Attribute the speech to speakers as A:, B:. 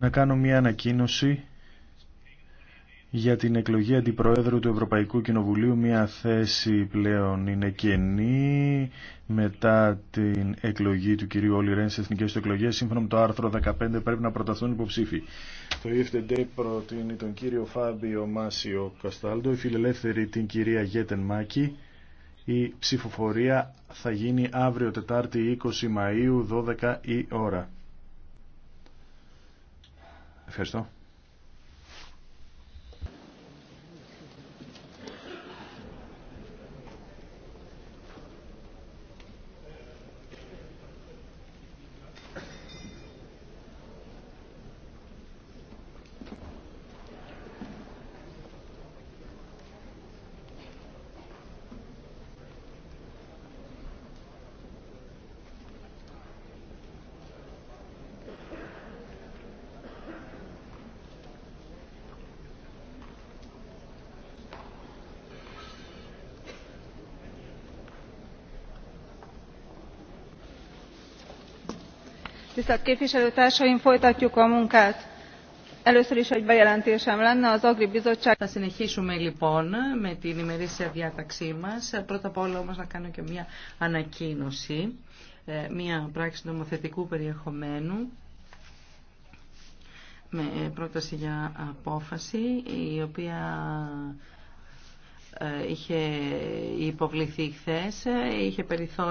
A: να κάνω μια ανακοίνωση για την εκλογή αντιπροέδρου του Ευρωπαϊκού Κοινοβουλίου. Μια θέση πλέον είναι κενή μετά την εκλογή του κυρίου Ρέν στις εθνικές του εκλογές. Σύμφωνα με το άρθρο 15 πρέπει να προταθούν υποψήφοι. Το EFTD προτείνει τον κύριο Φάμπιο Μάσιο Καστάλτο, η φιλελεύθερη την κυρία Γέτεν Μάκη. Η ψηφοφορία θα γίνει αύριο Τετάρτη 20 Μαΐου 12 η ώρα. Ευχαριστώ.
B: θα
C: συνεχίσουμε λοιπόν με την ημερήσια διάταξή μας. Ε, πρώτα απ' όλα όμω να κάνω και μια ανακοίνωση ε, μια πράξη νομοθετικού περιεχομένου με ε, πρόταση για απόφαση η οποία είχε υποβληθεί χθες, είχε περιθώριο